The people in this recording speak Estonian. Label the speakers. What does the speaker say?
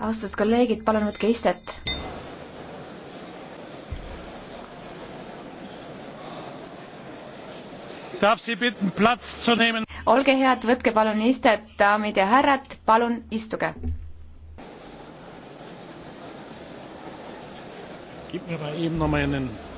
Speaker 1: austatud kolleegid, palun võtke istet.
Speaker 2: olge head, võtke palun istet, daamid ja härrad, palun istuge.
Speaker 3: Gib mir mal eben noch mal einen